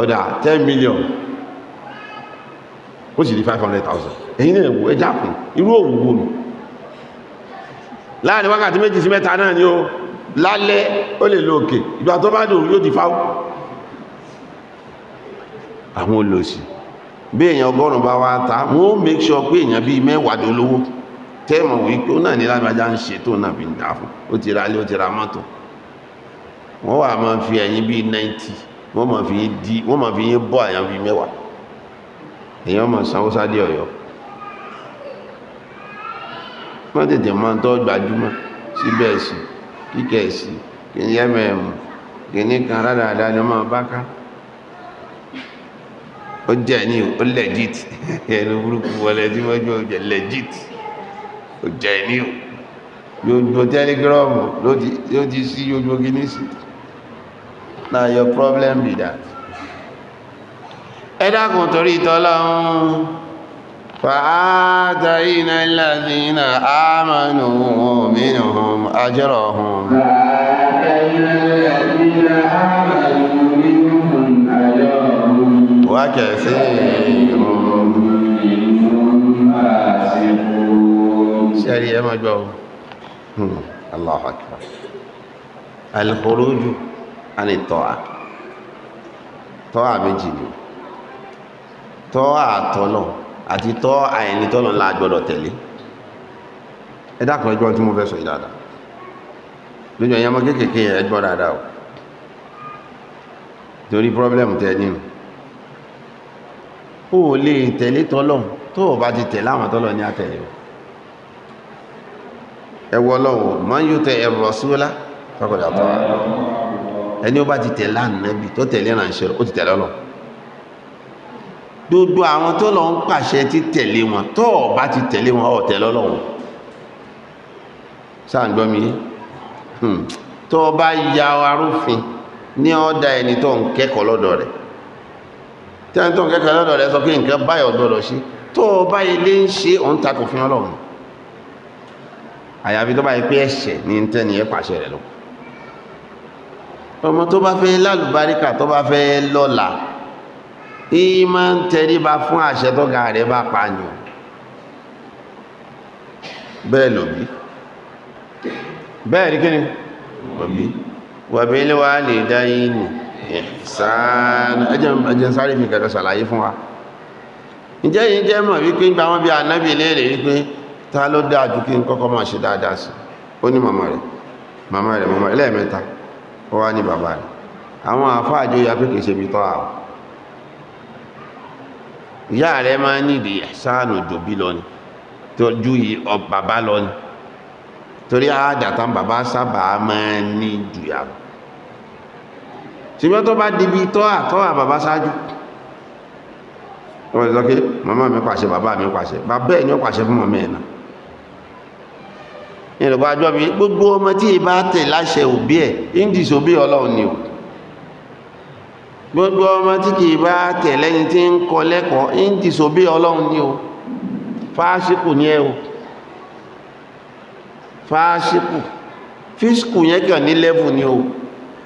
ọ̀dà ten million ó sì di five hundred thousand èyí náà wò ẹja kù irú òwò wò mí láàrin wákàtí méjì sí mẹ́ta náà ni ó lálẹ́ ó lè lo òkè ìgbà tó bá dùn yóò di fáwọn àwọn olóòsì bí èyàn ọgọ́rùn bá wá ta wọ́n make pé èyàn bíi mẹ́wàá olówó tẹ́ẹ̀mọ̀ wípé ó náà ní lágbájá ń ṣe tó náà ó ti ra ilé ó ti ra mọ́tò wọ́n wà máa fi ẹ̀yìn bíi 90 wọ́n máa fi mẹ́wàá sanwó ọ̀yọ́ wọ́n tètè máa tọ́ gbajúmọ̀ síbẹ̀ sí ó jẹ́ ní ó legit ẹnu burúkú wọlé tí wọ́n jọ jẹ́ legit ó jẹ́ ní ó yóò telegram ló ti sí yóò gíní sí now your problem be that ẹ̀dàkùn torí tọ́lọ́run fàájá iná ìlàdínà ámànù mínú ajẹ́rọ̀ ọ̀hún fàájá iná ìlàdínà ámànù وكثير منهم فاسقون سألي يا مجوه الله أكبر الخروج عن الطاعة طاعة méjì طاعة tọ́lọ̀ àti tọ́ àìní tọ́lọ̀ ńlá gbọ́dọ̀ tẹ̀lé ẹ̀dàkùn ẹgbọ́n tí mo fẹ́ sọ ìdáadà lójú ẹ̀yẹmọ́ kéèkéé ẹgbọ́n dáadáa ò torí pírọ́blẹ̀mù tẹ́ nínú ó lè tẹ̀lé tọ́lọ́hun tó o bá ti tẹ̀lé àwọn tọ́lọ́hun ní àtẹ̀lé o ẹwọ ọlọ́wọ̀ ma ń yóò tẹ ẹ̀rọ síwọ́lá fọ́kọ̀dà tọ́ ẹni ó bá ti tẹ̀lé ànábì tó tẹ̀lé ránṣẹ́ ó ti tẹ̀lé Ọlọ́hun gbogbo àwọn tó lọ ń pàṣẹ ti tẹ̀lé wọn tó o ti tẹ̀lé wọn ò tẹ̀lé sáà ń gbọ́ mi hmm. tó o ya arúfin ní ọ̀dà ẹni tó ń kẹ́kọ̀ọ́ lọ́dọ̀ rẹ̀ tí a ń tó kẹ́kọ̀ọ́ lọ́dọ̀ rẹ̀ sọ pé nǹkan báyọ̀ gbọ́dọ̀ ṣe tó o bá ilé ń ṣe òun takò fún ọlọ́run àyàfi tó bá yẹ pé ẹ̀ṣẹ̀ ní ń tẹ́ni ẹ̀ pàṣẹ rẹ̀ lọ ọmọ tó bá fẹ́ lálùbáríkà tó bá fẹ́ lọ́là ìyí máa ń tẹríba fún àṣẹ tọ́gà rẹ̀ bá pààyàn bẹ́ẹ̀ lòbí bẹ́ẹ̀ rí kíni òbí wàbí lè wà lè dá yìí nìí ìsàn ẹjẹ́ sáré fi kẹta ṣàlàyé fún wa ǹjẹ́ yìí jẹ́ mọ̀ wípé ń gba wọn bí anábì léèrè wípé ta ló dáa jù kí n kọ́kọ́ máa ṣe dáadáa sí ó ní màmá rẹ̀ màmá rẹ̀ màmá rẹ̀ lẹ́ẹ̀mẹ́ta ó wá ní bàbá rẹ̀ àwọn àfá àjọ pé kìí ṣe bí tọ́ àwọ̀ ṣùgbọ́n tó bá dìbí tọ́wà tọ́wà bàbá ṣáájú wọ́n lè lọ́kẹ́ màmá mi pàṣẹ bàbá mi pàṣẹ bàbá ẹ̀ ni ó pàṣẹ fún màmá ẹ̀ náà ìrìnkọ́ àjọ mi gbogbo ọmọ tí ì bá tẹ̀ láṣẹ òbí ẹ̀ indies òbí ọlọ́run ni o gbogbo ọmọ tí kì í bá tẹ̀ lẹ́yìn tí ń kọ lẹ́kọ̀ọ́ indies òbí ọlọ́run ni o fásikù ni ẹ o fásikù fíṣkù yẹn kàn ní lẹ́fù ni o.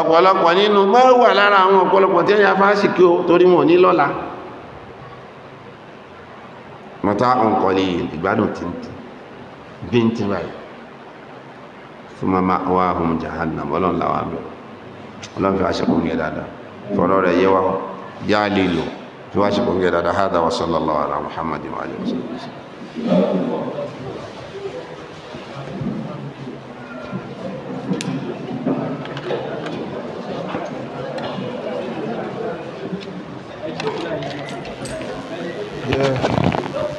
ọ̀pọ̀lọpọ̀ nínú mọ́wà lára àwọn ọ̀pọ̀lọpọ̀ tí ẹ̀yà fásì kí o torí mọ̀ ní lọ́la mọ́ta ọ̀nkọ̀lẹ̀ ìgbádùn tí bí n ti ráyì fún mama wa hùn jahannam ọlọ́n láwà mẹ́ ọlọ́n fi aṣẹ́kùn yẹ dáadáa fọ́rọ̀ rẹ̀ yẹ wa yá Yeah.